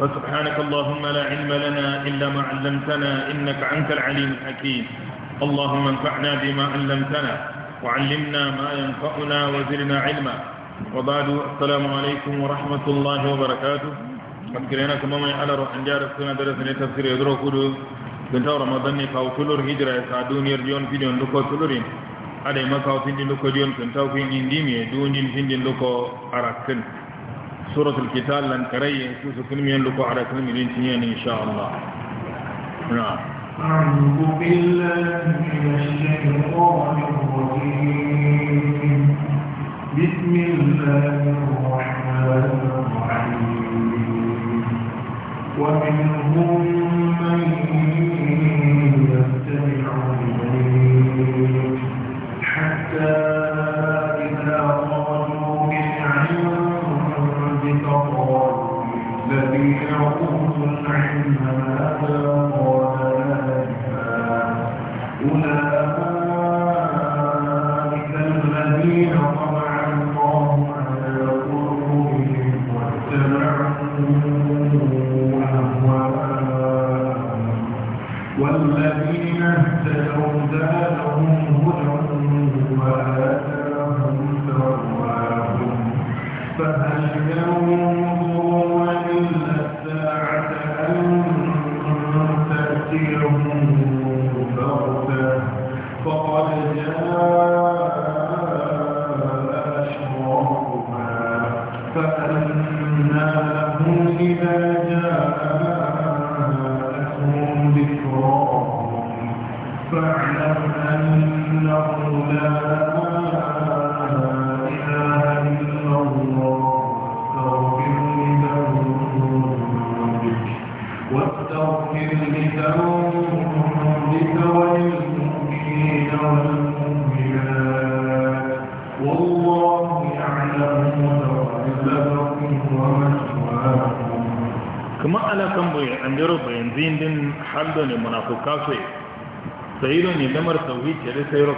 وسبحانك اللهم لا علم لنا إلا ما علمتنا إنك أنت العليم الحكيم اللهم انفعنا بما علمتنا وعلمنا ما ينفعنا وزرنا علما وبعد السلام عليكم ورحمة الله وبركاته فكرنا كما ما على روح انجار السنة درسنا تفسير يدرو كله بنت رمضان كاو تلور هجرة سعدون يرجون في دون لكو تلورين على ما كاو في دون لكو ديون كنت في دون دين في دون لكو أراكن سورة القتال لن كري سوس كلمين لكو على كلمين تنين إن شاء الله نعم أعوذ بالله من الشيطان الرجيم بسم الله الرحمن الرحيم ومنهم من يستمع إليك حتى ربكم عما آتاكم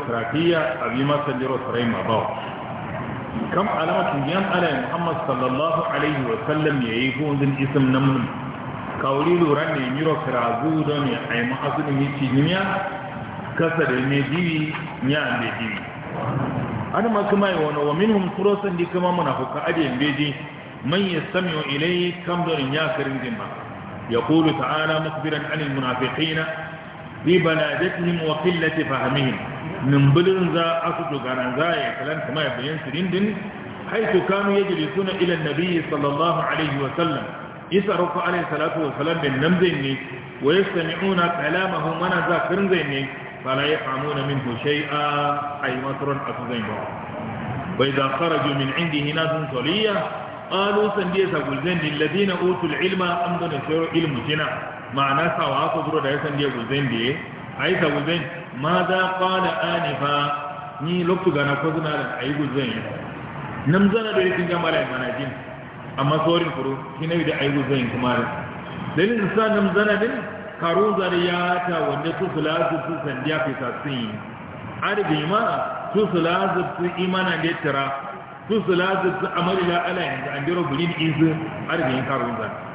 الإسرافية أبي ما سجر سريم أضاو كم علامة يام على محمد صلى الله عليه وسلم يعيفون ذن اسم نمن كولي لوران يميرو كرازو دون يعي محسن يتي نميا كسر المديوي نعم بديوي أنا ما كما يوانا ومنهم فرصا دي كما منافق أجي بدي من يستمع إليه كم دون ياكر ذنبا يقول تعالى مخبرا عن المنافقين bi bana da ni mu wakilati fahimi min bulun za a su garan za kalan kuma ya bayan sirrin din haitu kanu yajlisuna ila nabiyyi sallallahu alaihi wa sallam isa rufa alaihi salatu wa salam bin namzi ni wa yastami'una kalamahu man za kirnzi ni fala yafhamuna minhu shay'a ay matrun atzain ba wa idha kharaju min indihi nazun taliya qalu sandiya sagulzain alladhina utul ilma amdana shuru ilmu jina ma'ana sawa ko zuro da yasan dia guzen die ai sa guzen ma za qala anifa ni loktu gana ko zuna da ai guzen nam zana da yakin ga mara mana jin amma sorin kuro kinawi da ai guzen kuma dalilin sa nam zana din karo ta wanda su sulasu su sandiya fi sasin arbi ma su sulasu su imana da tira su sulasu su amali la ala yanzu an biro bulin izu arbi karo zariyata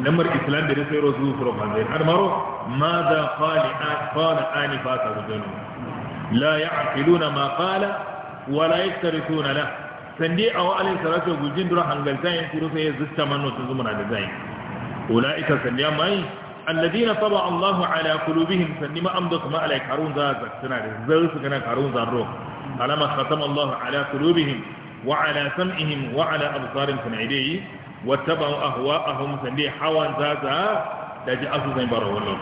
namar islam da sai rasu from hanzai har maro ma kwana ani ba ta hujjanu la ya ma qala wa la yaktarifuna a wa alai salatu gujin dura hangal zayin kuru sai zusta manno sun zuma da zayin ulaika sande mai alladina taba Allah ala qulubihim sande kuma alai karun za zai su kana karun ro alama khatama Allah ala wa wa wattaba'u ahwa'ahum sandi hawan zaza da ji asu zai baro wallo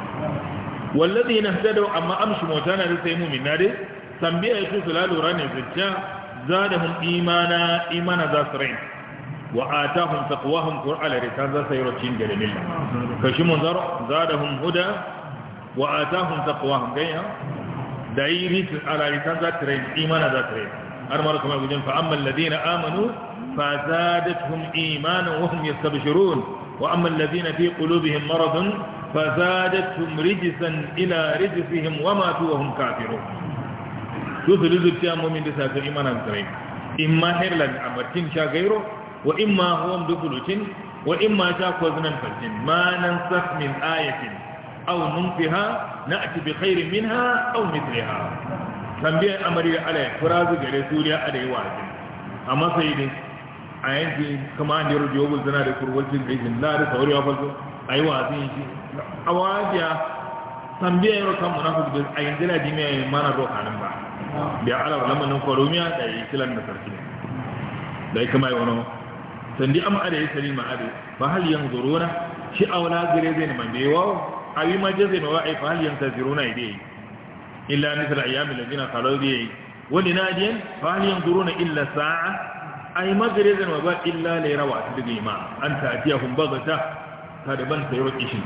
wallazi na hadadu amma amshi motana da sai mumin na dai tambiya yake su lalura ne zuciya zadahum imana imana za su rain wa atahum taqwahum qur'ala risan za sai rocin da dalilla kashi mun zaro zadahum huda wa atahum taqwahum gayya da yi za har fa amanu فزادتهم إيمانا وهم يستبشرون وأما الذين في قلوبهم مرض فزادتهم رجسا إلى رجسهم وماتوا وهم كافرون يثلث في مؤمن لساس إيمانا سرين إما حرلا أمرتين شاقيرو وإما هم دفلتين وإما شاقوزنا فلتين ما ننسخ من آية أو ننفها نأتي بخير منها أو مثلها tambayar amari da ala ya fura zuga da suriya a da yi wajen a matsayi a yanzu kama an yaro jiwo zana da kurwacin da la da sauri wa fasu a yi yin shi a wajiya tambiya yaro kan munafik da a yanzu da dimiya ya mana zo kanin ba da ala wa lamanin kwaromiya da ya yi kilan da sarki da ya kama yi wani sandi an ada ya sari ma ada ba hal yan zuruna shi a wala gare zai neman da yawa a yi maje zai mawa a yi fa hal yan taziruna ya dai illa misal ayyamin lajina kalau yi. wani nadiyan fa hal yan zuruna illa sa'a ai magrezan wa ba illa ne rawa daga ima an ta ajiya hun bagata ta daban ta yau ishin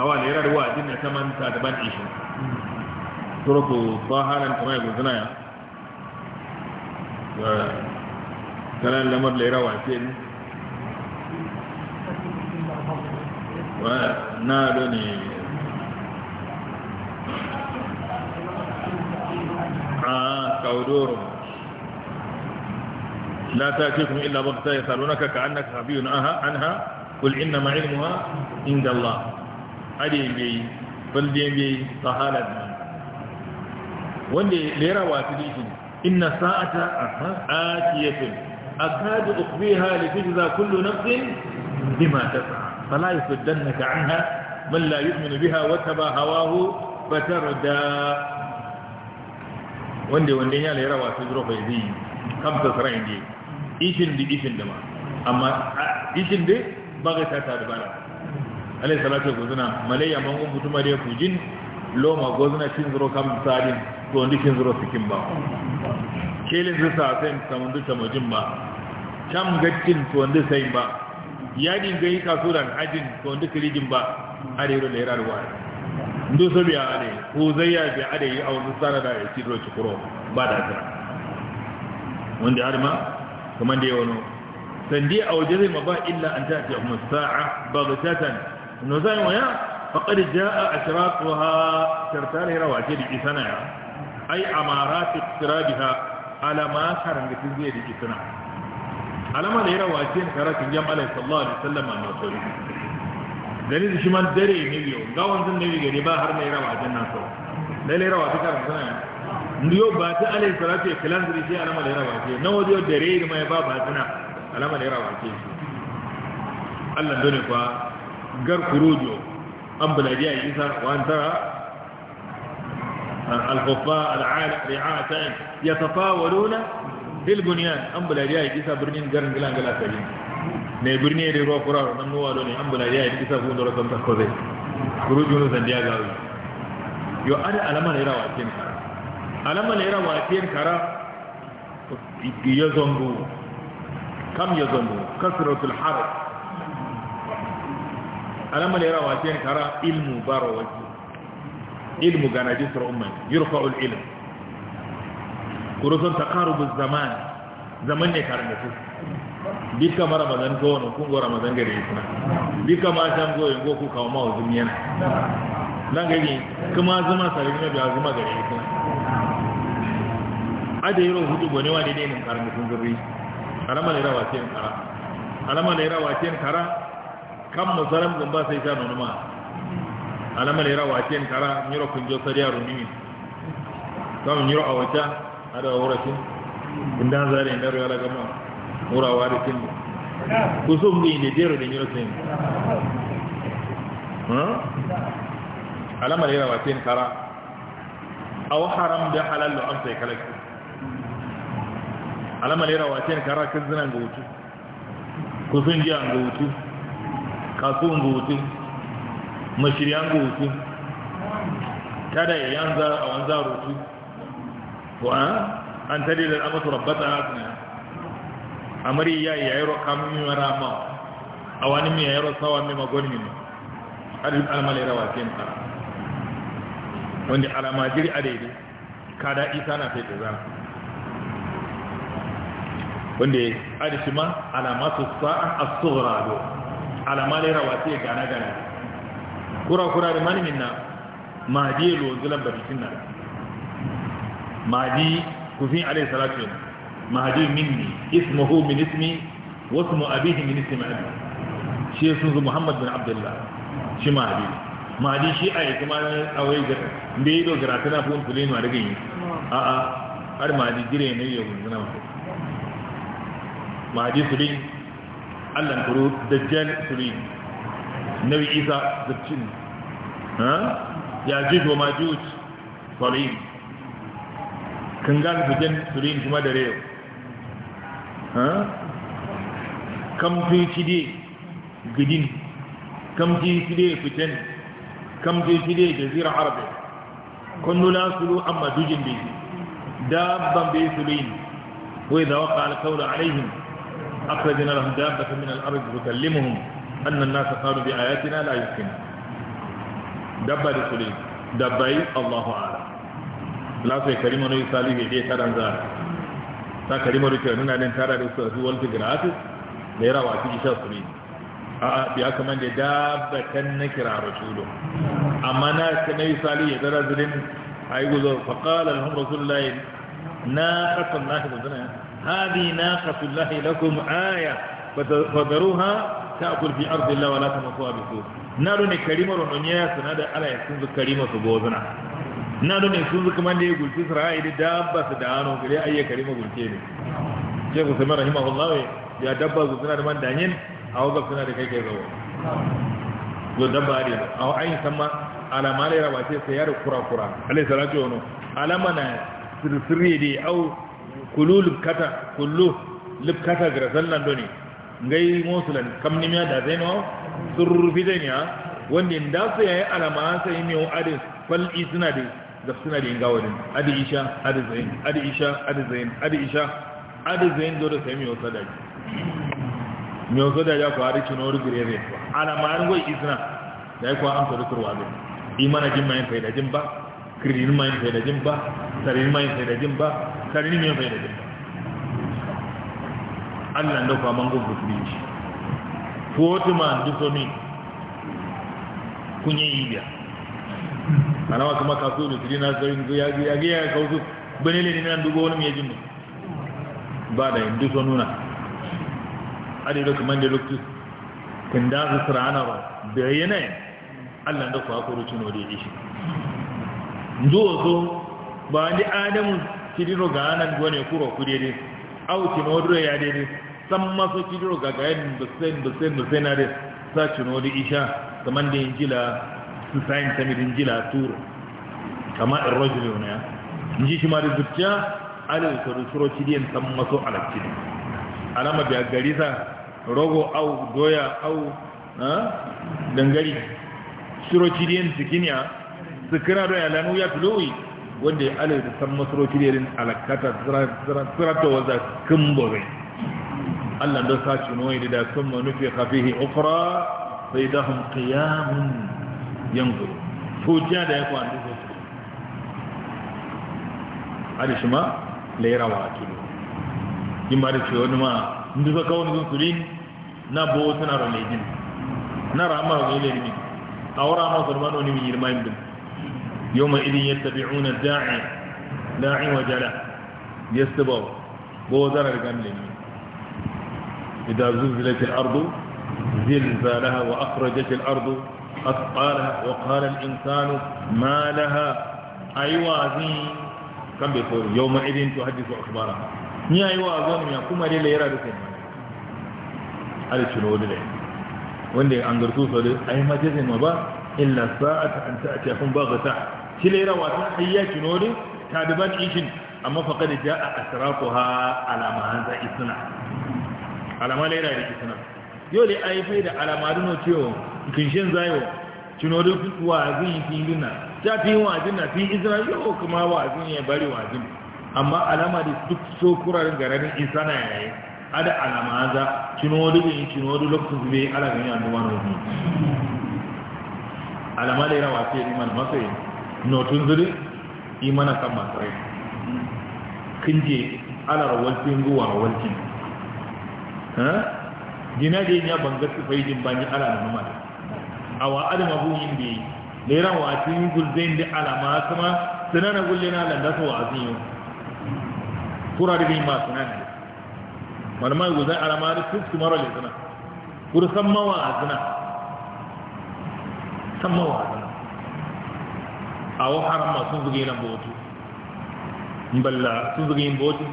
hawa ne rarwa dinna ta manta ta daban ishin turku baharan kuma ya guzuna ya kanan lamar da rawa ce ne na da ne a kaudoro لا تأتيكم إلا بغتة يسألونك كأنك خبير عنها قل إنما علمها عند الله أدي بي فلدي بي طهالة وندي ليرى واتديك إن الساعة آتية أكاد أخفيها لتجزى كل نفس بما تسعى فلا يصدنك عنها من لا يؤمن بها وتبى هواه فتردى وندي وندي يا ليرى واتديك خمسة سرين دي Ishin ishin da ma amma da ba ga tata da bana alai salatu ko zuna malayya man un mutuma da ku jin loma go zuna cin zuro kam sadin to ndi cin zuro cikin ba kelin zu sa sai kam ndu mujin ba kam gattin to ndi sai ba yadin ga yi kasuran hajin to ndi kirijin ba arero da yararwa ndu so biya ade ko zayya biya ade yi a wannan da ya ci ro ci kuro ba da ta wanda har ma kuma da yawano sandi a waje zai ba illa an tafi a musa'a ba ga tatan no zai waya faqad jaa ashraquha tartare rawa ce da isana ya ai ta iqtirabiha ala alama karan da tun zai da isana alama da rawa ce da karatun jama'a sallallahu alaihi wasallam na sori dare da shi man dare ne yau gawan zan ne gari ba har ne rawa na sau? lalle rawa ta karatun sana ndio ba ta alayhi salatu ikhlas ne sai alama da rawa ce nawa dio da rai mai ba ba tana alama da rawa ce Allah dole kwa gar kurojo an buladi a isa wa an tara الخفاء رعاة يتفاولون في البنيان أم بلا جاي إسا برنين قرن قلان قلا سليم ne birni ya ruwa kurar nan nuwa ne an bula ya yi isa hundar san ta kwaze kuru junu san diya gawi yo an alama ne rawa kin ka alama ne yana wafiyan kara ya zongo kam ya zongo, kasratul harf alama ne yana wafiyan kara ilmu barawaki ilmu gana jisar umman yurfa'ul ilm kurusun taqarubuz zaman zaman ne karnatu dika mara mazan ko wani kungo ramazan gare suna. dika ma san goyen goku kawo ma uzumiyana nan gari kuma zuma sarari na biya zuma gare isna adayiro hudu gone wa daidai nan karan mutun zurri alama ne rawa tiyan kara alama ne rawa tiyan kara kam mo zaram ba sai ta nonuma alama ne rawa tiyan kara nyiro kunjo sariya runimi kam nyiro awata ada wuratin indan zare indan ruwa daga ma wurawa da kin kusum ni ne dero hm? da nyiro ha alama ne rawa tiyan kara aw haram da halal lo am sai alamar yara wace ne kara kan zinan ga wutu kusan jiya ga wutu kasuwan ga wutu mashiryan ga wutu kada ya yanzu a wanzu a rutu wa an tare da amatu rabbata a suna amari ya yi ro kamun mara ma a wani mai ro sawa mai magwani ne adil alamar yara wace ne kara wanda alamajiri a daidai kada isa na fai da zama wanda ya arishi ma alamatu sa'an as-sughra do alama le rawati gana gana kura kura da mani minna ma di lo zulan barikin nan ma di kufin alayhi salatu ma di minni ismuhu min ismi wa ismu abihi min ismi abi shi sun muhammad bin abdullah shi ma di ma di shi ayi kuma awai ga mbe do gratana fun tulin wa daga yi a a har ma di gire ne ya gunzuna mutum mahadi sulin allan kuro dajjal sulin nabi isa zabcin ya jijo majuj sulin kangal bujan sulin kuma da reyo kamfi cide gidin kamfi cide fitan kamfi cide jazira arabi kundula sulu amma dujin bai dabban bai sulin wai da waka alkaura alaihim أخرجنا لهم دابة من الأرض تكلمهم أن الناس قالوا بآياتنا لا يمكن دبا رسولي دبي الله أعلم لا سيكرم نبي صالح يجي كرم ذلك ta kalimar rikirnuna din tara da su su walfi gratis da ya rawa ciki sha su ne a biya kamar da dabatan na kira rasulu amma na kana yi ya zara zirin a na هذه ناقة الله لكم آية فذروها تأكل في أرض الله ولا تمسوها بسوء نالو ني كريمة رونيا سنادا على يسنز كريمة سبوزنا نالو ني سنز كمان دي قلت سرائي دي دابا سدانو كلي أي كريمة قلت يلي شيخ سمع رحمه الله يا دابا سنة رمان دانين أو دابا سنة رحي كي زوا دو دابا دي أو أي سمع على مالي رواسي سيارة كرا كرا عليه السلام جونو على منا سرسري دي أو kulu lubkata kullu lubkata gra sallan doni ngai mosulan kam ni miya da zeno no surfi zai ne wanda da su yayi alama sai ne o ade fal isna de da suna da ingawa din ade isha ade zain ade isha ade zain ade isha ade zain do da sai mi o sadaki mi o sadaki ya ko ari cino ru gire ne alama an goyi isna da ko an so kurwa zai imana jin mai faida jin ba kirin mai faida jin ba sarin mai faida jin ba karni ne bai da girma allah da kwa mangon kufin shi kotu ma dusomi kunye ibiya ana kuma makasu da su na sarin ya gaya ya kausu bane ne na dubo wani mai jini ba da yin duso nuna adai kuma da lokacin kun da su sirana ba da yanayin allah da kwa kuro cino da ya ishi zo zo ba wani adamu kidiro ga anan gone kuro kudede au ki modro ya dede san maso kidiro ga ga en dosen dosen dosen na de sa chuno di isha kaman de injila su sain tami de injila tur kama irrajul ne inji shi ma da zuciya alal karu ci kidiyan san maso alakid alama gari garisa rogo au doya au dangari suro kidiyan sikiniya sikira do ya lanu ya tulowi wanda ya alai da san masarauci ne alakata tsirata waza kimbobe allah don sashi noyi da sun manufi kafihi ukura sai da hun kiyamun yanzu fujiya da ya kwanu da su a shi ma lairawa a tulu yin ma da ce wani ma inda zaka wani zunsulin na bo suna ramejin na ramar wani ne a wura masu rumanu ne mai girma yin يومئذ يتبعون الداعي لا عوج له يستبوا بوزر الجمل إذا زلزلت الأرض زلزالها وأخرجت الأرض أثقالها وقال الإنسان ما لها أيوازين كم بيقول يومئذ تحدث أخبارها ni ayi wa zo ne kuma dai laira da kuma wanda ya angarto su da ai majizin ma ba illa sa'ata an ta'ati hun ba gata kilera wata hayyaki nodi ta da baki shin amma fa kada ja'a asraquha alama hanza isna alama lera da isna yau dai ai fa da alama dino cewa kinshin zayo kinodin kuwa zin yi dinna ta fi wajin na fi isra'ila yau kuma wajin ya bari wajin amma alama da duk so kurarin garanin isana yayi ada alamaza cinodu ɓe cinodu lokkutu ɓe ala gani andumanoni alama lera wase iman masai notun zuri imana kan masarai kinje ala rawalcin ruwa rawalcin gina da ya banga su faijin banyi ala da mama Awa wa adama yin da yi lera wase yin gulzain da alama kuma sanana gulle na landasa wa azin kura da bin masu nan manama go za ara mari su su mara da zina san mawa a zina a wa haram ma sun zuge nan botu mballa sun zuge yin botu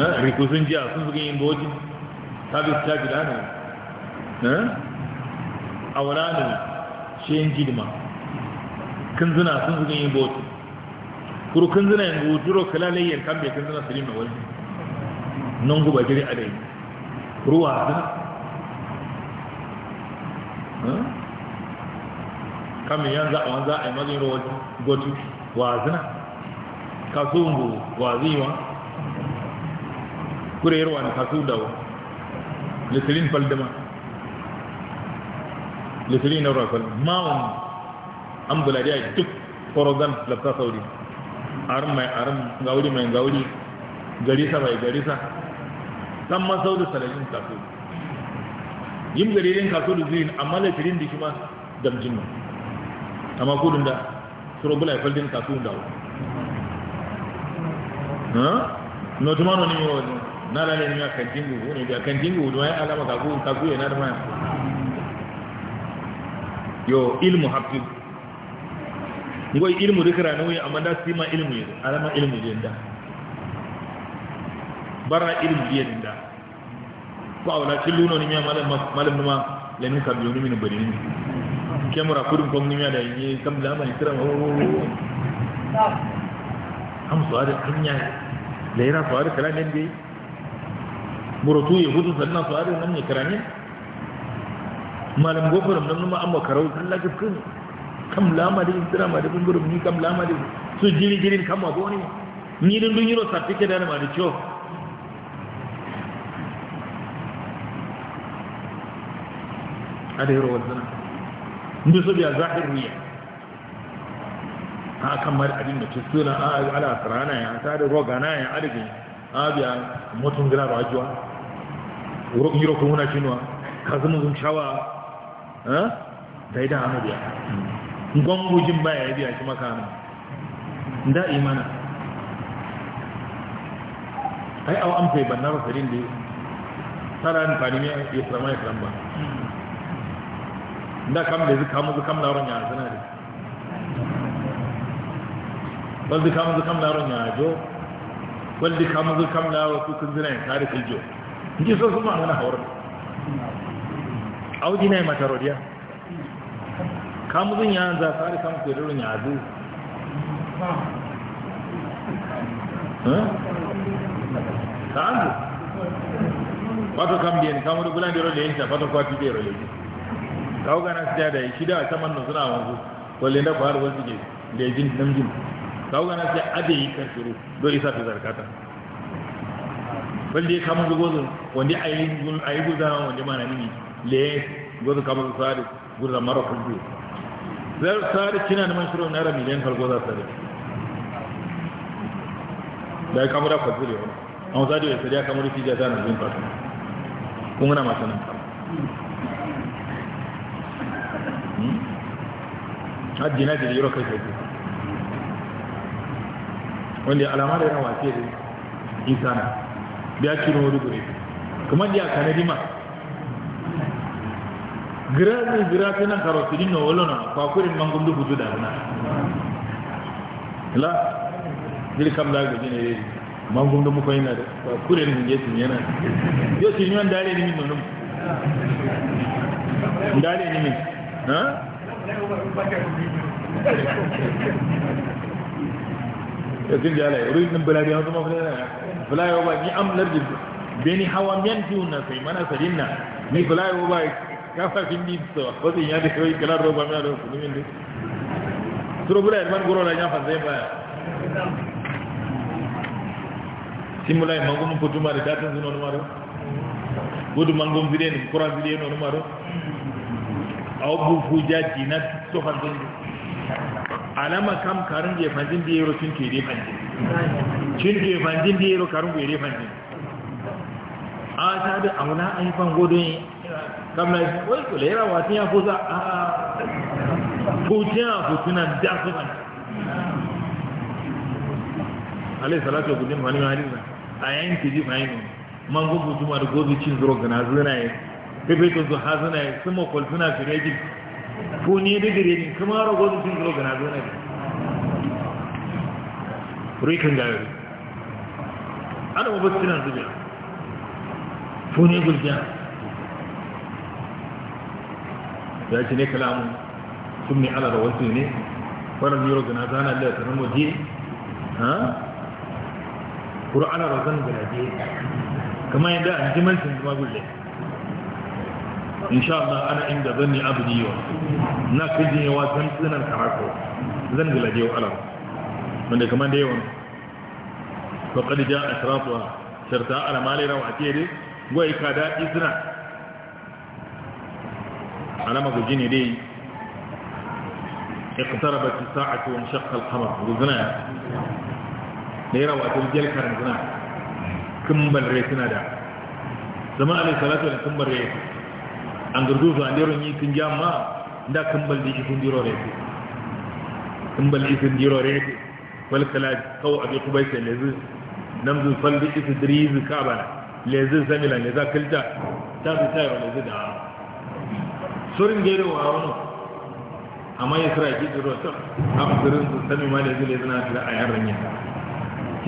eh, riku sun jiya sun zuge yin botu sabis ta gida ne eh, awara ne shi yin jidima kinzuna sun zuge yin bautu kuru kinzuna yin guduro kalalayyar kan bai kinzuna su ne wani nan guba jiri a dai ruwa ta kamin yan za a wani za a yi mazin ruwa gotu wazina Kure waziwa kureyarwa na kasu dawa litilin faldama litilin na rafal ma'un an bulariya duk korogan lafta saudi arin mai arin gauri mai gauri garisa mai garisa san man sau da salajin kaso yin garirin kaso da zuyin amma lafirin da shi ma damjin ma a makudin da bula ya faldin kaso da wa na na ne yau na lalai ne a kan jingu ne da kan jingu da ya alama kaso kaso ya na da maya yo ilmu hafi ngoy ilmu dikra no amma da sima ilmu alama ilmu jenda bara irin biyan da ko awla killuno ni miya malam malam numa lemin kam yoni min bani ni kemura kudin kom ni miya da yi kam da mai kira o am so ada kanya da so ada kala nen dai murutu yahudu sanna so ada nan ne karani malam gofar nan numa amma karau Allah ka kam lama da intira ma da bungurum ni kam lama da su jiri jirin kam ma goni ni dun dun yiro sapike da ma da cho adairu yoro inda so biya zahir a kan kamar abin da ke suna a ala sarana ya ta da roga na ya adage a biya mutum gira ba ajiwa yiro kun huna cinwa ka zama zun shawa da ida hannu biya gwangujin baya ya biya shi makamu da imana ai awa an fai da tara amfani ne ya tsarama ya ba. nda kam da zuka mu laron ya sana ne wal zuka mu zuka laron ya jo wal zuka mu zuka mu laron su kun zina ya kare kuljo ji so su ma hawar audi ne mata rodiya kamu zun ya za kare kamu ke rorun ya zu ta an wato kam biyan kamu da gulan da rodiya ta fata kwati da rodiya kawo gana su ya shi da ta manna suna wanzu walle na faru wasu ke da jin nan jin kawo gana su ade yi kan shiru do isa ta zarkata walle kama su gozo wanda a yi guza wanda mana mini le gozo kama su sari gurza mara kulbe zar sari kina da man na rami miliyan kalgo za sari da ya kamura fasiri wani an sadi ya sari ya kamura fi jata na jin fasa kuma na masu nan kama hajji na jirgin kai kai wanda alama da wasu yadda da insana biya kino wani gure kuma dia kanadi ma gira ni gira tana karotini no wolona kwa kuri mangundu buju da na la dil kam da ga jine mangundu mu koyi na da kwa kuri ni je tin yana yo tin yan dare ni min nono dare ne min ha yakin jala ya ruyin nan bulari wasu mafi nana fulayo ba ni am lardi beni hawa miyan tiwon na sai mana sarin na ni fulayo ba kafafin ni so wasu ya da kawai kalar roba miya da kudu min duk suru bulari man goro da ya fanzai baya simulai mangumin fito ma da datin zuwa numaro gudu mangun bidiyon kura bidiyon numaro abu fuja dinar to fanzin alama kam karin je fanzin da yaro cin ke dai fanzin cin ke fanzin da yaro karin gwere fanzin a ta da auna an yi fango don kamla wai kula wa wasu ya fusa a fucin a fucinan da su fanzin alai salatu wa gudun wani wani a yayin ke ji fahimta man gugu tuma da gozu cin zuro gana zuna yi to zo ha zuna ya sun kwal suna shiga jin ko ni da gare ni kuma rago da sun zo gana zo na ne rikin gari ana ba basu nan zubiya ko ni gulbiya ya ce ne kalamun sun mai ala da wasu ne wannan biro gana zana da tarin waje ha ƙura'ana razan gulaje kama yadda a jimancin zuma insha Allah ana inda zanni abdi wa na kaje wa san sunan karako zan gilaje wa alam wanda kaman da yawan to qad jaa asrafuha sharta ala mali rawa tire goyi yi da izina. alama guji ne dai اقتربت الساعة وانشق القمر وزنا ليرى وقت الجل كان زنا كم بل ريتنا دا زمان عليه الصلاة salatu da بل ريتنا an gardu zuwa ndero ni kun jamma nda kambal di kundi diro rete kambal kundi diro rete wal kala kaw abi qubaysa lezi namzu fal di ikun diriz kabana lezi zamila ne za kalta ta bi tayo lezi da surin gere wa wano amma ya sira ki diro ta amma surin sun sami ma lezi lezi na da ayar ranya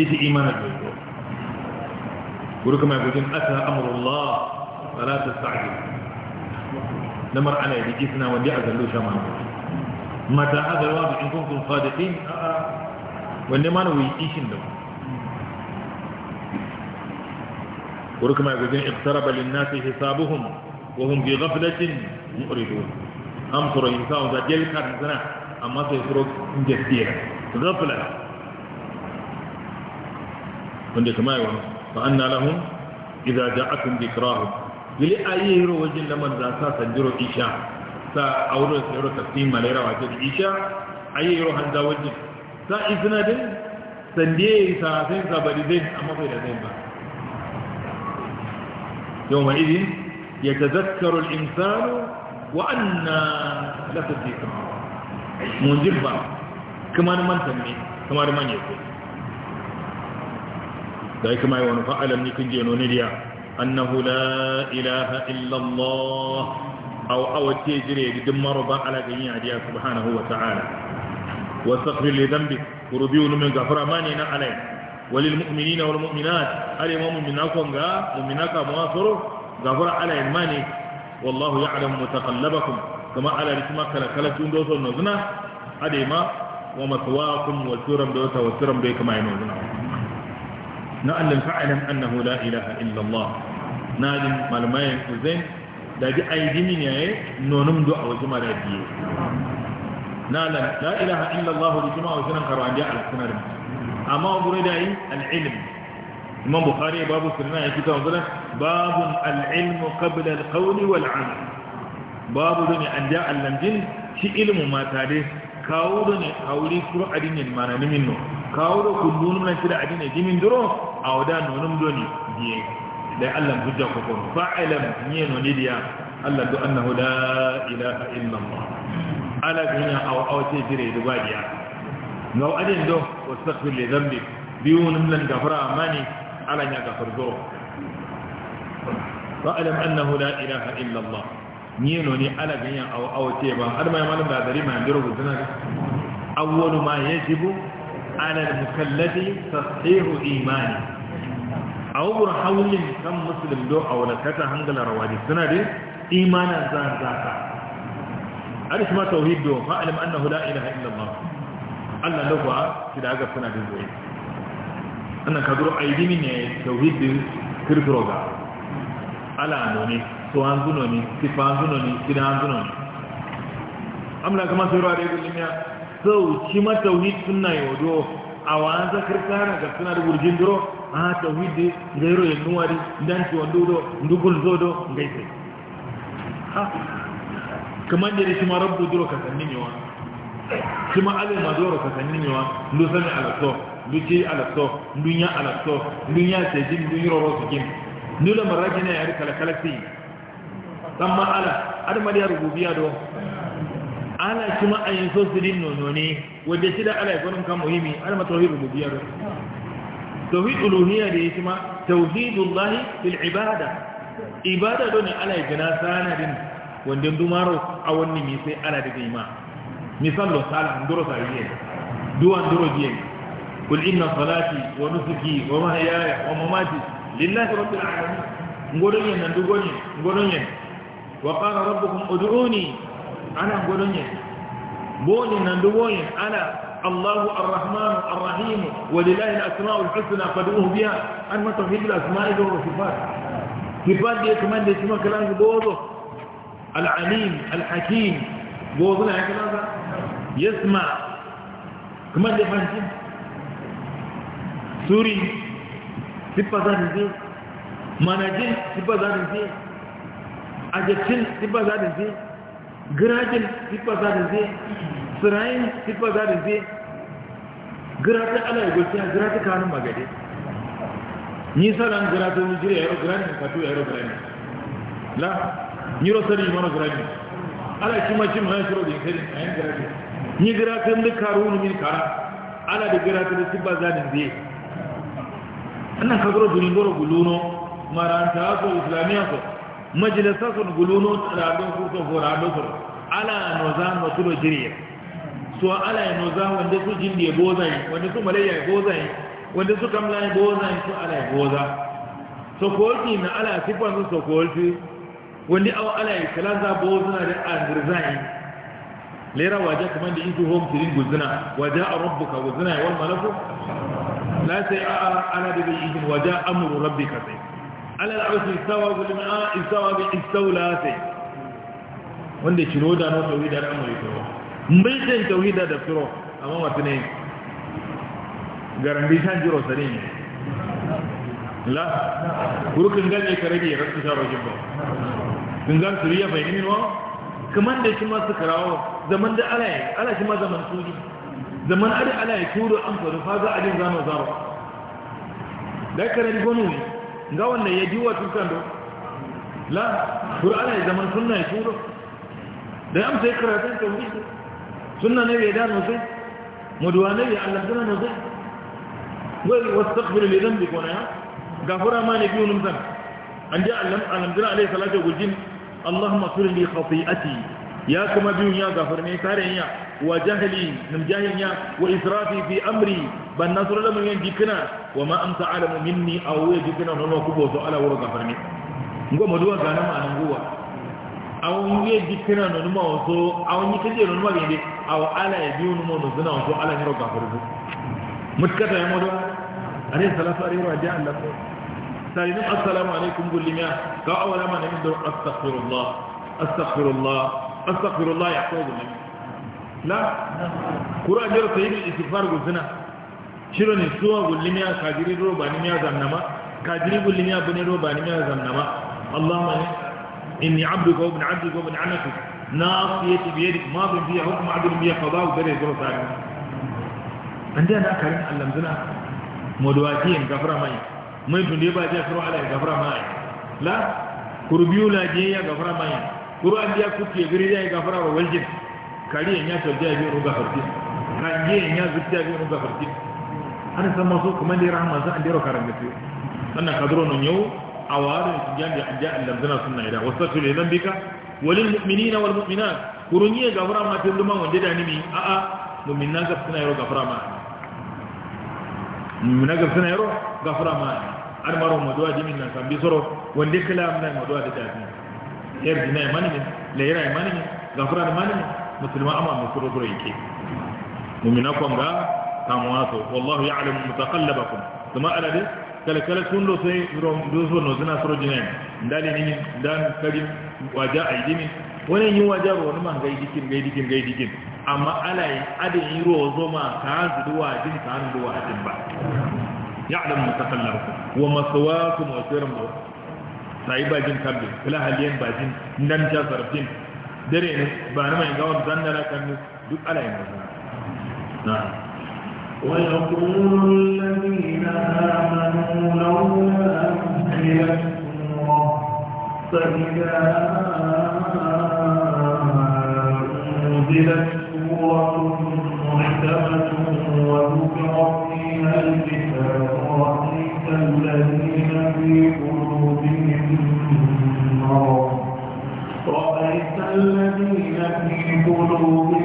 kiti imana da ko gurkuma gudin asa amrullah fala tasta'jil نمر على يجيسنا وانبي أزلو شمان متى هذا الواضح إن كنتم صادقين آه، آه. وانما نوي إيشن دو وركما يقولون اقترب للناس حسابهم وهم في غفلة مؤردون أم سورة إنساء وذا جل كان مثلا أما سورة جسدية غفلة وانبي كما يقولون فأنا لهم إذا جاءكم ذكراهم gili ayi hiro wajen laman za sa sanjiro isha sa auro da tsoro tafsirin malaira wato da isha ayi hiro hanza wajen sa izina din sandiye sa sai zabari zai amma bai da zai ba yau mai izin ya tazakkaru al'insanu wa anna lafi zikra mun jirba kamar man tanne kamar man yake da ya kuma yi wani fa'alam ni kun je noni riya annahu la ilaha illallah aw aw tijire gidin maruba ala ganyi adiya subhanahu wa ta'ala wa saghfir li dhanbi kurbiyu min ghafara mani na alai walil mu'minina wal mu'minat ali mu'minina konga mu'minaka muwasoro ghafara alai mani wallahu ya'lamu mutaqallabakum kama ala rikma kala kala tun do so nozuna adema wa ta نعلم فعلم أنه لا إله إلا الله نعلم معلومة يكوزين لدي أي دين يأي إيه؟ نونم دعا وجمع ردي نعلم لا إله إلا الله وجمع وجمع كروان جاء على سنة رمت أما أبو إيه؟ العلم إمام بخاري باب سرنا يكتا وضنا باب العلم قبل القول والعمل باب دني أن جاء اللمجين شئ علم ما تاريخ كاودني أولي سرع دين المعنى يعني منه kawo da kundun nan shi da adina jimin duro a wada nonum doni biye da Allah hujja ko ko fa'ilam ni noni da ya Allah do annahu la ilaha illa ala dunya aw aw ce dire da badiya no adin do wastaghfir li dhanbi biyun lan gafara amani ala nya gafar do fa'ilam annahu la ilaha illa Allah ni no ni ala dunya aw aw ce ba har mai malam da dari mai duro gudana awwalu ma yajibu على المكلف تصحيح إيمانه أو حول كم مسلم دو أو لكتا هنجل روادي سنة دي إيمانا زان ذاتا أليس ما توحيد دو فأعلم أنه لا إله إلا الله Allah lafa shi da aka suna bin goyi annan kaduru aidini ne tauhidin kirkiroga ala noni so an zuno ni sifa an zuno ni sina an zuno amla kama sai ruwa da ya sau suna yi wado a awa zakar kana ga suna gurgin duro a da gairo ya nuwari don ci wando do ndugul zodo ngaise ha kamar da shi ma rabu duro ka sannin yawa wa ma alai ma duro ka sannin yawa wa alasso sami alasso dunya alasso dunya ala nya jin ndu yoro su gini nuna la maraki yari kalakalasi kala ala adama da rububiya do ala kuma a yin sosirin nono ne wadda shida ala ya ikonin kan muhimmi ala ma tauhid rububiyya tauhid uluhiyya da ya yake ma tauhidullahi fil ibada ibada don ala ya igana sanadin wanda dumaro a wani mi sai ala da gaima misal lo sala ndoro sariye duwa ndoro jiye kul inna salati wa nusuki wa mahyaya wa mamati lillahi rabbil alamin ngoron yan ndugoni ngoron yan wa qala rabbukum ud'uni ana gudun yin boni nan duwoyin ana Allahu Ar-Rahmanu Ar-Rahim wa lillahi al-asma'ul husna fad'uhu biya. an ma tawhid al-asma'i wa sifat sifat da kuma da shi kuma kalan gozo al-alim al-hakim gozo na kalan sa yasma kuma da fanci suri sifat da zai manajin sifat da zai ajabtin za da zai girajin siffar zaɗin zai tsirayen siffar zaɗin zai girajin ala igolciya girajin kanun magade nisaran girajin nigeria yaro girajin kato yaro girajin la niro sari mana girajin ala shi ma shi mana shiro da yankari a yan girajin ni girajin da karo wani min kara ala da girajin da siffar zaɗin zai annan kagaro dunin goro guluno maranta ko islamiyya ko majalisarsun guluno rabin kusa horalusur ala noza matulo jiriya so ala ya noza wanda su jindi ya boza yi wanda su malayya ya boza yi wanda su kamla ya boza yi su ala ya boza so na ala sifan su so kowace wanda awa ala ya kalanta boza da andirzayi lera waje kuma da isu home tirin guzina waje a rabbuka guzina ya wal malaku la sai a ala daga bai izin waje amuru rabbika sai alal arshi istawa bil a istawa bi istawla sai wanda shiro da no tauhida da amma to mai san tauhida da firo amma wata ne garan bi san jiro sare ne la gurukin gane ka rage rasu ta rajin ba kun gan suriya bai nemi wa kaman da shi ma su karawo zaman da ala ya ala shi ma zaman suri zaman ada ala ya turo an faru fa za a zaro da karin gonu ne ga wannan ya diwa tukan do la qur'ana ya zaman sunna ya turo da am sai karatun tauhid sunna ne ya da no sai ne ya Allah sunna no sai wai wastaghfir li dhanbik wa ya gafara ma ne biyun mun san an ja Allah alhamdulillah alayhi salatu wa jin Allahumma fir li khati'ati ya kuma biyun ya gafarne taren ya wa jahili nim jahiliya ya wa israfi fi amri ban nasru lam yan dikna wa ma anta alamu minni aw ya dikna nan wa kubo to ala wuro gafarne ngo mo duwa gana ma nan guwa aw ya dikna no ma so aw ni kaje no ma gende aw ala ya biyun mo no zina so ala ni ro gafarne mutkata ya mo do are salatu are wa ja Allah sari assalamu alaikum gullimiya ka awala ma ne do astaghfirullah astaghfirullah astaghfirullah ya kawo gulmi la kura jira sai yi istighfar gulzina shiro ne suwa gulmi ya kajiri ro ba ni ya zannama kajiri gulmi ya bune ba ni ya zannama allahumma inni abduka wa ibn abdika wa ibn amika nasiyati bi yadik ma bin fiya hukm adl bi qada'u dare zuwa an da na karin allah zina gafara mai mai dunde ba ja furo gafara mai la kurbiyu la je ya gafara mai kuru an biya kuti ya gari ya gafara wa waljin kari ya nya tabda ya biyu ruga farti kan yi ya nya zuciya biyu ruga farti ana san masu kuma da rahama za a dero karan gafe sannan kadro non yau a warin su jami an ja Allah zana sunna ida wasu su zan bika walil mu'minina wal mu'minat kurun yi gafara ma tun duman wanda da ni a ah, a ah. mu'minan ga suna yaro gafara ma mu'minan ga suna yaro gafara ma ar maro maduwa jimin nan kan bi soro wanda kala mun maduwa da dafi yar dina ya mani le yara ya mani gafara ya mani musulma amma mu kuro kuro yake mu'mina kon ga kamwa so wallahu ya'lamu mutaqallabakum kuma ala de kala kala sun do sai rom do so no zina soro dina ndali ni dan kadi waja aidini wani yin waja ro wani man gai dikin gai dikin gai dikin amma ala yi adin yi ro zo ma ka duwa jin ka duwa jin ba ya'lamu mutaqallabakum wa maswaakum wa sirrukum sai bajin jin kambe kula haliyan ba nan ta sarfin dare ne ba na mai gawar zannara kan duk ala yin na ويقول الذين آمنوا وذكر فيها الكتاب رأيت الذين في قلوبهم الذين في قلوبهم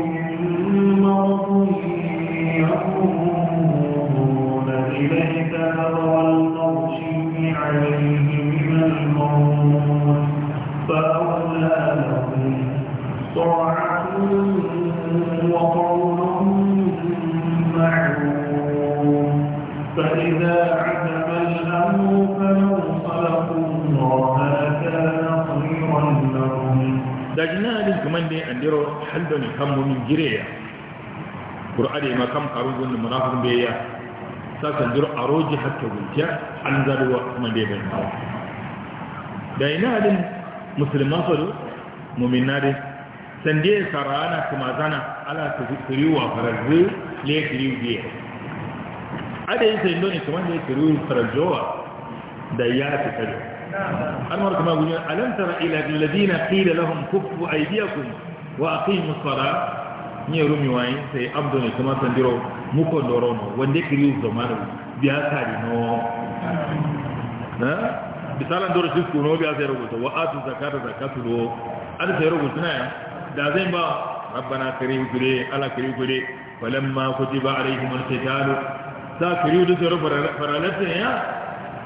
qur'ani ma kam aruzun munafiqun be ya sakan dur aroji hatta gulta an zarwa kuma be ban da ina din musulman fado mu'minna din sande sarana kuma zana ala tsiriwa farazzi le kiriu biye ada yin sai ndoni kuma ne kiri farajowa da ya ta kare har mar kuma gudun alam tara ila alladhina qila lahum kuffu aydiyakum wa aqimus salat nye rumi wani sai abdo ne kuma sandiro muko doro no wande kiri uzo manu biya kari no na bisalan doro shi kuno biya sai rubuta wa atu zakata zakatu do ada sai rubuta na da zai ba rabbana kiri gure ala kiri gure falamma kutiba alaihim alqitalu sa kiri da sai rubuta faralata ya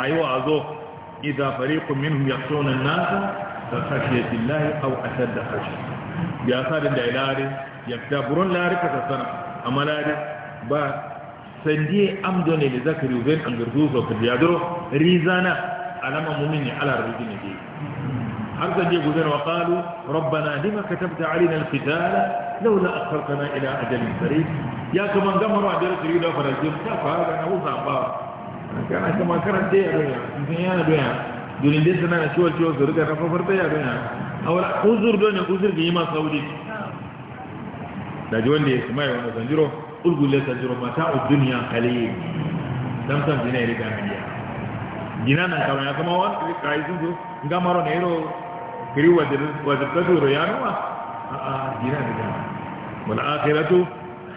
aiwa azo idza fariqun minhum yaqtuna an-nasa ka khashyati llahi aw ashadda khashyah jasadin da ilare yakta burun lare ka sana amma lare ba sandi amdone le zakari uben angardu so ka diadro rizana alama mu'mini ala rubini ke har da je gudan wa qalu rabbana lima katabta alaina alqitala laula akhartana ila ajalin qarib ya kaman gamaro a dare tiri da farajin ta fara na usa ba kana kuma karanta ya doya in yana doya durin dai sana na ciwon ciwon su riga rafafar ta yaro A awar uzur don ya uzur ga yi ma saudi da ji wanda ya kuma yi wanda sanjiro ulgule sanjiro mata a duniya kalaye dan san zina ya riga hadiya gina nan kama ya zama wani kai sun zo nga maro na yaro kiri wazirkatu royanuwa a a gina riga wal akhiratu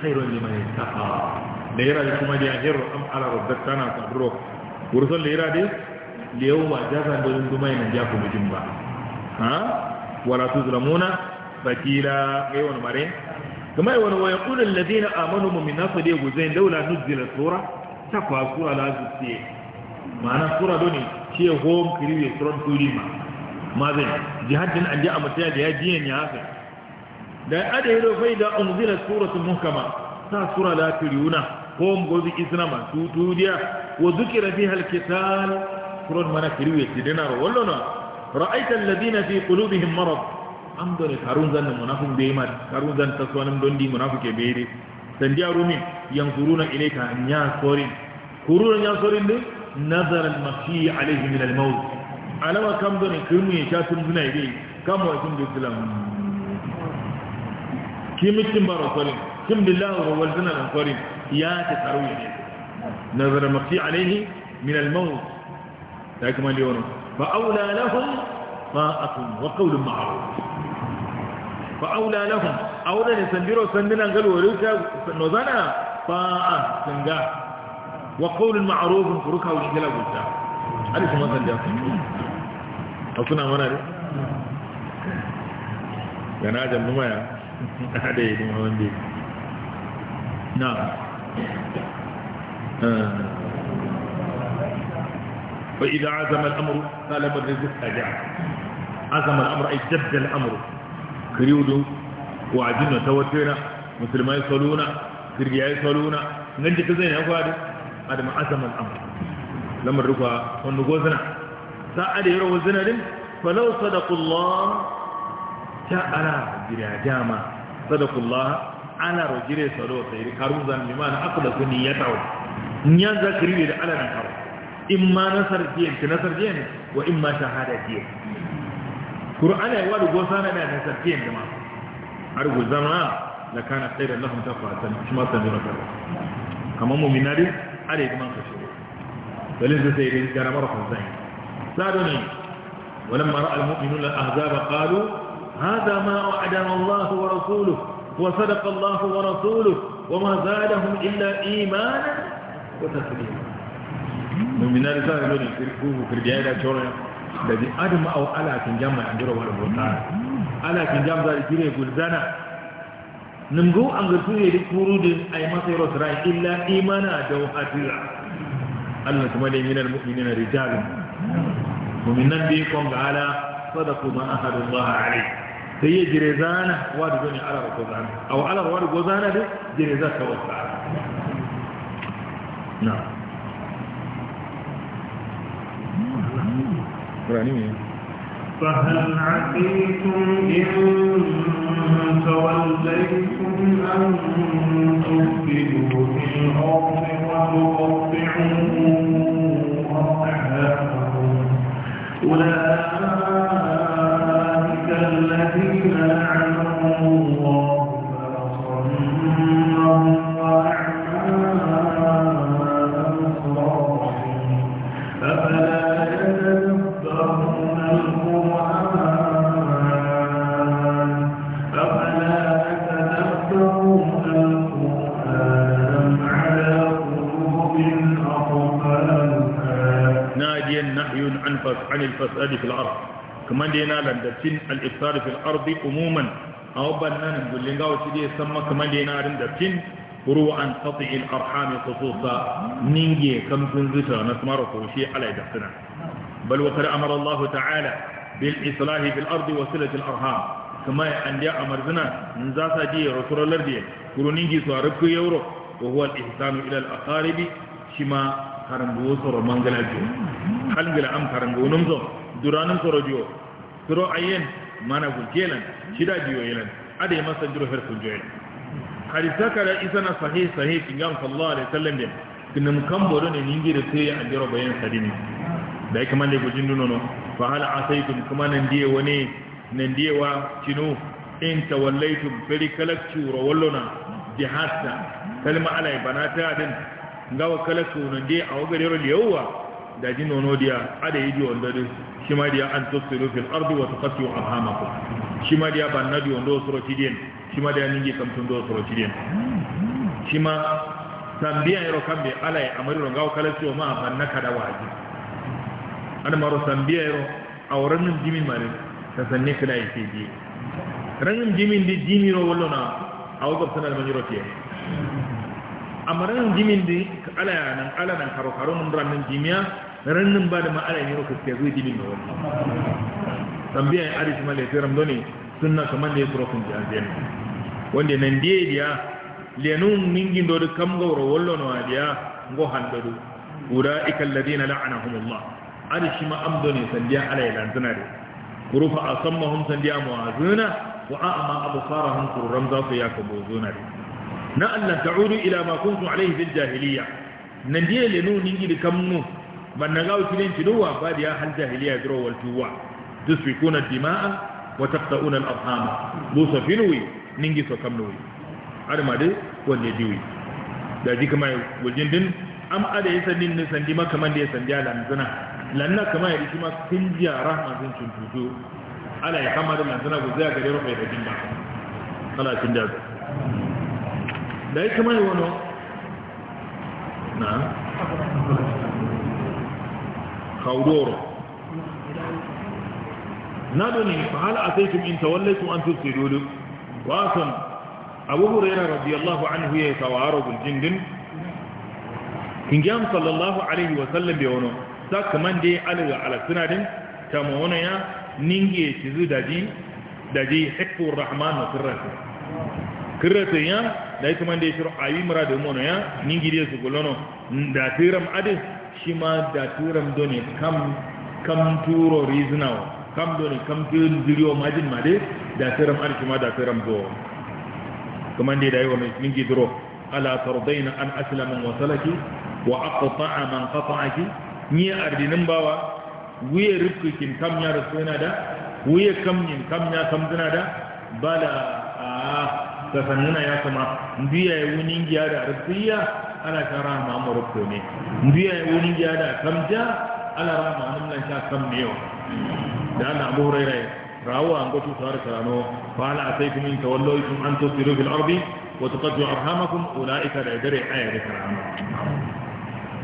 khairun liman yattaqa da yara kuma da yaro am ala rabbana tabruk wurin da yara dai liyau ba jazan domin duma yana ja ku mijin ba ha wala tuzlamuna fakila kai wani mare kuma yi wani wayan ƙudin lazina amanu mummina su dai guzain daula nuzila sura ta kwa sura la su ce ma'ana sura doni ce home kiriwe suran turi ma ma zai jihadin an ji a mutaya da ya biyan ya haka da ada yi rufai da unzila sura sun muhkama ta sura la turiuna home gozi isna ma tuturiya wa zukira fi halkital كرون منا كريوية دينار ولنا رأيت الذين في قلوبهم مرض أم كارون زن منافق ديمان كارون زن تسوانم دون دي منافق بيدي سنديا رومي ينظرون إليك نيا سورين كرون نيا سورين دي نظر المخشي عليه من الموت على ما كم دوني كرمي شاسم دون أيدي كم وإسم دي السلام كم اتنبار سورين كم لله هو الزنا سورين يا تتروي نظر المخشي عليه من الموت ta kuma ne wani ba'aula lahun ma'akun wa kaulun ma'aru ba'aula a wurin sandiro sandinan galwari ta nozana ba'a sanga wa kaulun ma'aru sun kuru kawun galagunta alisun mana ne yana jamu maya da yi duma wande na فإذا عزم الأمر قال الرزق أجع عزم الأمر أي جد الأمر كريود وعدنا توترنا مسلمين يصلون سرقيا يصلون نجد كزين يا فادي هذا ما عزم الأمر لما الرفع ونقوزنا سأل يروا الزنا فلو صدق الله تعالى جريا جاما صدقوا الله على رجل صلوة سيري كاروزا بمعنى أقلق نيته نيان ذكري على نكر in ma na sarjiyan ta na sarjiyan wa in ma shahada jiya qur'ana yawa da gosa na na sarjiyan da ma har go zama la kana khairan lahum tafatan kuma san da barka kamar mu'mina dai are kuma ka shi dalil da sai dai gara mara kan sai sadoni ولما راى المؤمنون الاحزاب قالوا هذا ما وعدنا الله ورسوله وصدق الله ورسوله وما زادهم الا ايمانا وتسليما nominali sa ga ne kirku kirdiya da choro da bi adam au ala kin jamma andura wal bota ala kin jam za kire gulzana nimgo an ga tuye da kuru din ay masa ro sira illa imana da hatira Allah kuma da minal mu'minina rijalun mu'minan bi kon ga ala sadaqu ma ahadullah alayhi sai ya jire zana wa da zo ala ko zana au ala wa da go zana da jire za ka wasa na يعني فهل عقيتم إن توليتم أن تفسدوا في الأرض وتقطعوا أرحامكم أولئك kamar da yana landafin al-ifsar fil ardi umuman aw bannan gullin gawo shi dai san maka kamar da yana landafin ruwa an qati'il arham khususa ninge kam sun zuta na kuma ko shi alai da suna bal wa qad amara Allah ta'ala bil islah fil ardi wa silat al arham kama an da amarzuna in za sa ji rasulullahi da kuro ninge su arku yoro wa huwa al ihsanu ila al aqaribi shima karango so romangala jo kalgala am karango numzo koro korojo turo ayen mana gujelan shida jiyo yelan ade masa jiro her kunjo yelan hadisa kala isana sahih sahih kingam sallallahu alaihi wasallam mun kan kamboro ne da sai an jiro bayan sadini da yake man da gujin no fa hal asaitum kuma nan diye wani nan diye wa kinu in tawallaytum bari kalaktu wallona jihadta kalma alai banata din ngawa kalaktu nan diye a wagare ro liyawa da ji nono ya ada yi diwon dare shi ma ya an tusiru fil ardi wa a hamaku shi ma ya ban nadi ondo suro tidien shi ma ya ningi kam tundo suro tidien shi ma tambiya yaro kambe ala ya amari ro gawo kala wa ma ban kada wa waji an maro tambiya yaro awran nin jimin mare ta sanne ya yake ji ranin jimin di jimiro wallona a gobtana sanar yiro tiye amaran dimin di ala nan ala nan karo karo mun ran nan dimiya ran nan ba da ma ala ne ko ke zuwa dimin da wannan tambiya ya arif male tiram doni sunna kaman ne kuro kun jan den wanda nan die dia lenun mingin do kam gawro wallo no adiya ngo ikan ulaika alladhina la'anahumullah arshi ma amdoni sandiya ala ilan tunare kurufa asammahum sandiya mawazuna wa a'ma absarahum kurram za su da. na Allah ta'udu ila ma kuntum alayhi bil jahiliya nan dia le no ningi de kamnu man na gawo tilin tiduwa ba dia hal jahiliya dro wal tuwa tusfikuna dima'a wa taqta'una al arhama musa finwi ningi so kamnu har ma de wonde diwi da ji kama wajen din am ada yasa din ne sandi ma kaman da ya sandi ala mzana lanna kama ya rikima kinjiya rahma sun tuntuto ala ya kama da mzana go zai ga dero da dimba ala tinda ده كما يوانو نعم خودورو نادني فهل أتيتم إن توليتم أن تفسدوا لي وأصلا أبو هريرة رضي الله عنه يتوارب الجندن كنجام صلى الله عليه وسلم بيونه ساك من دي على على سنادن تمونا يا نينجي تزو داجي داجي حق الرحمن وكرته كرته يا dayi tumande shiro awi da mono ya su sugulono da tiram ade shima da tiram doni kam kam turo reasonable kam doni kam tirin ziriyo majin made da tiram ade shima da tiram go dai dayi wono ningi duro ala tardaina an aslama wa salaki wa aqta'a man qata'aki ni ardinin bawa wuye rifkin kam ya rasuna da wuye kam yin kam ya kam zina da bala da sanuna ya kama biya ya giya da rufiya ala shara ma morocco ne biya ya giya da kamja ala rama hamlan sha kam ne da ana abu hurairai rawo an gotu tare da rano fa ala sai kun ta wallo kun an to firu fil ardi wa taqaddu arhamakum ulaika da dare aya da karama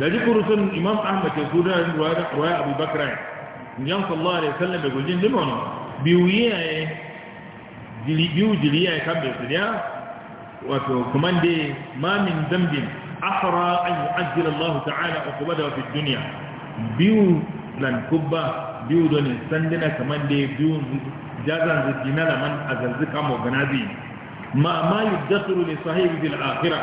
da jikurun imam ahmad ke kudan ruwaya abubakar ne yan sallallahu alaihi wasallam da gojin dinon biwiye biyu jiliya ya kambe su da wato kuma da mamin zambin afara an yi ajiyar allahu ta'ala a kuma da wafi duniya biyu nan kubba biyu don sandina kamar da biyu jazan zuki na laman a zanzuka moganazi ma ma yi dasiru ne sahibi bil akira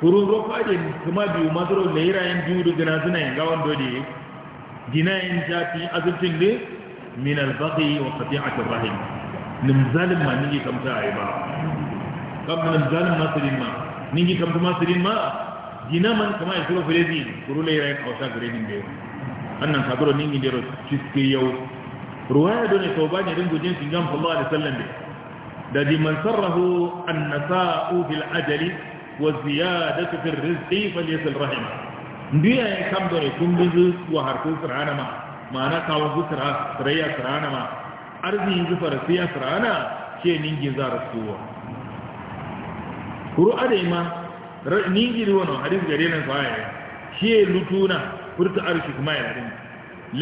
kurun rofa da kuma biyu mazuru da yirayen biyu da gina zina yin gawan dode gina yin jafi azurcin da min albaƙi wa fati'atul rahim nimzalin ma ningi kamta ai ba kam nimzalin masirin ma ningi kamta ma masirin ma dina man kama isro filezi kurule rai kausa gredin be annan kabro ningi dero ciske yau ruwaya dole tawbani ringo jin singan sallallahu alaihi wasallam be da di man sarrahu an-nasa'u bil ajali wa ziyadatu fil rizqi falyasil rahim ndiya ya kam dole kumbizu wa harku sirana ma ma'ana kawo siraya sirana ma arzihin zufar siyasar ana ke ningi za rasuwa kuru adaima ningi wani hadis gare nan sa ya shi lutuna furta arshi kuma ya rin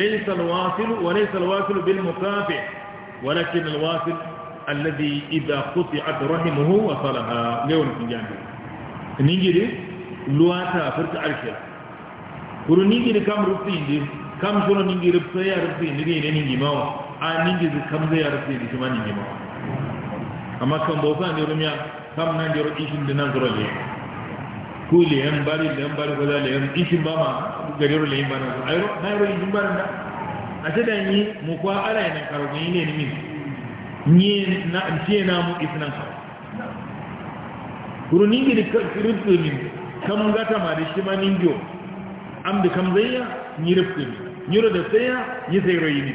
laysa alwasil wa laysa alwasil bil mukafi walakin alwasil alladhi idha quti'at rahimuhu wa salaha lewon kinjani ningi luwata furta arshi kuru ningi kam rufi kam suno ningi rubta ya rufi ningi ne ningi mawa a ningizu kam zai yarfe da shima ningi ma amma kan bosa ne rumiya kam nan jiro ishin da nan zura le ku le yan bari le yan bari kwaza le yan ishin ba ma gariro le yan ba na su ayro na yaro ishin ba nan a ce da yi mu kwa ala yana karo ne ne ni min ni na ce na mu isnan ka kuru ningi da kirtu ni kam gata ma da shima ningiyo am da kam zai ya ni rifkin ni ro da sai ya ni sai ro yi ni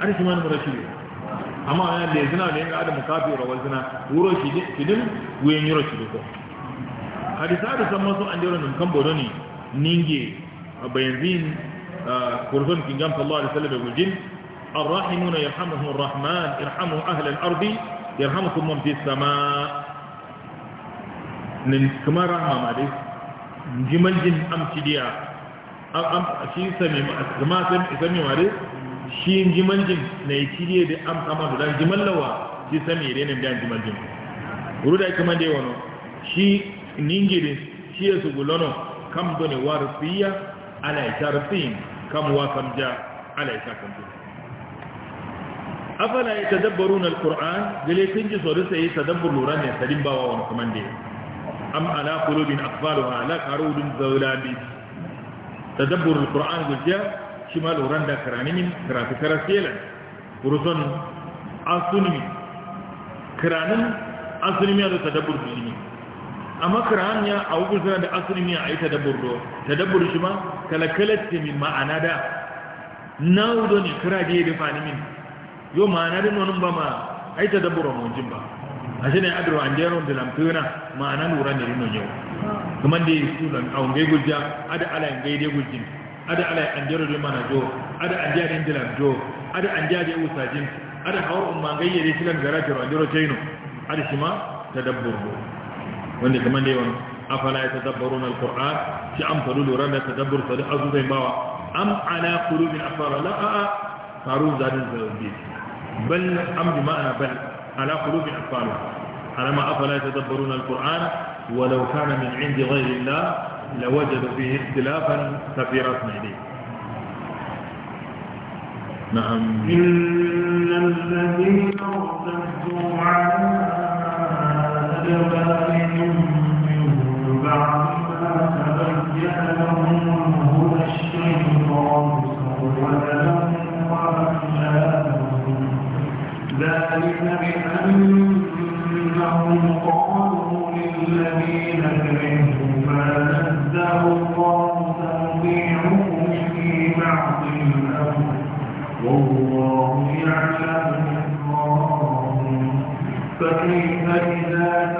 ana shi mani murashi ne amma ana da zina ne ga adam kafi rawar zina wuro shi kidin wuyen yuro shi ko hadisa da san masu an dero nan kan bodo ne ninge bayanzin kursun kingam sallallahu alaihi wasallam gujin الراحمون يرحمهم الرحمن ارحموا أهل الأرض يرحمكم من في السماء من كما رحمة مالي جمال جن أم تديا أم أم شيء سمي كما سمي مالي shi jimanjin na yi tiriye da am kama da zan jimallawa ji sami ire ne da jimanjin da kuma da wano shi ningiri shi ya su gulono kam done warfiya ala itarfin kam wa kam ja ala itakan dole afala ya tadabbaruna alquran dole kun ji so da sai tadabbur lura ne sadin bawa wani kuma da am ala qulubin aqfaluha la karudun zawlabi tadabbur alquran gujja shi ma loran da karanimin karatu karasiyalan kuruson asunimi kiranin asunimi da tadabbur shi amma kiranin ya a wukul da asunimi a yi tadabbur do tadabbur shi ma kalakalat ce min ma'ana da na wudo ne kira da ya dafa ni yau ma'ana da nonin ba ma a yi tadabbur a mawajin ba a shi ne adiro an jeron da lamfina ma'ana lura ne rinon yau kuma da ya su zan a wungai gujja ada ala yin gaidai gujjin ada ala anjaro de mana jo ada anjari indilam jo ada anjari jin. ada hawar umman gayyare tilan garajiro anjaro jaino ada shima tadabbur wanda kaman dai wannan afala yatadabbaruna alquran shi am falu luran da tadabbur sai azuzai bawa am ala qulubin afara la a faru zadin zabi bal am bi ma'ana bal ala qulubin afara alama afala yatadabbaruna alquran ولو كان من عند غير الله لوجدوا فيه اختلافا كثيرا إليه نعم إن الذين ارتدوا على أدبارهم من بعد ما تبين لهم هدى الشيطان سول لهم ذلك بأنهم قالوا للذين كرهوا الله فأطيعوه في بعض والله يعلم إسرارهم فكيف إذا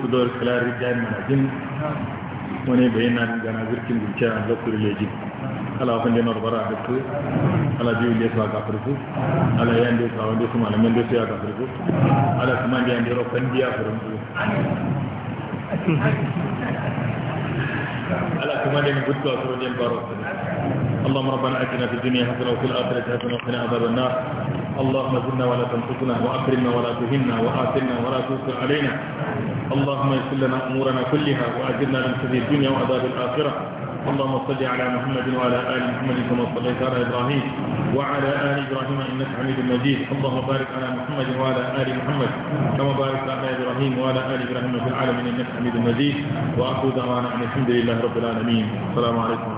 su dawar filari jari manajin wani bayanan gana zirkin zuciya a zakurin lejin ala wakon jana a dukku ala da su a kafirku ala da su a wanda su malamin da su a kafirku ala kuma da yan rokon biya furin su ala kuma da yan gudu a furin baro اللهم ربنا اتنا في الدنيا حسنه وفي الاخره حسنه وقنا عذاب النار اللهم زدنا ولا تنقصنا وأكرمنا ولا تهنا وآثرنا ولا تؤثر علينا اللهم يسر لنا أمورنا كلها وأجرنا من خزي الدنيا وعذاب الآخرة اللهم صل على محمد وعلى آل محمد كما صليت على إبراهيم وعلى آل إبراهيم إنك حميد مجيد اللهم بارك على محمد وعلى آل محمد كما باركت على إبراهيم وعلى آل إبراهيم في العالمين إنك حميد مجيد وأقول دعوانا أن الحمد لله رب العالمين السلام عليكم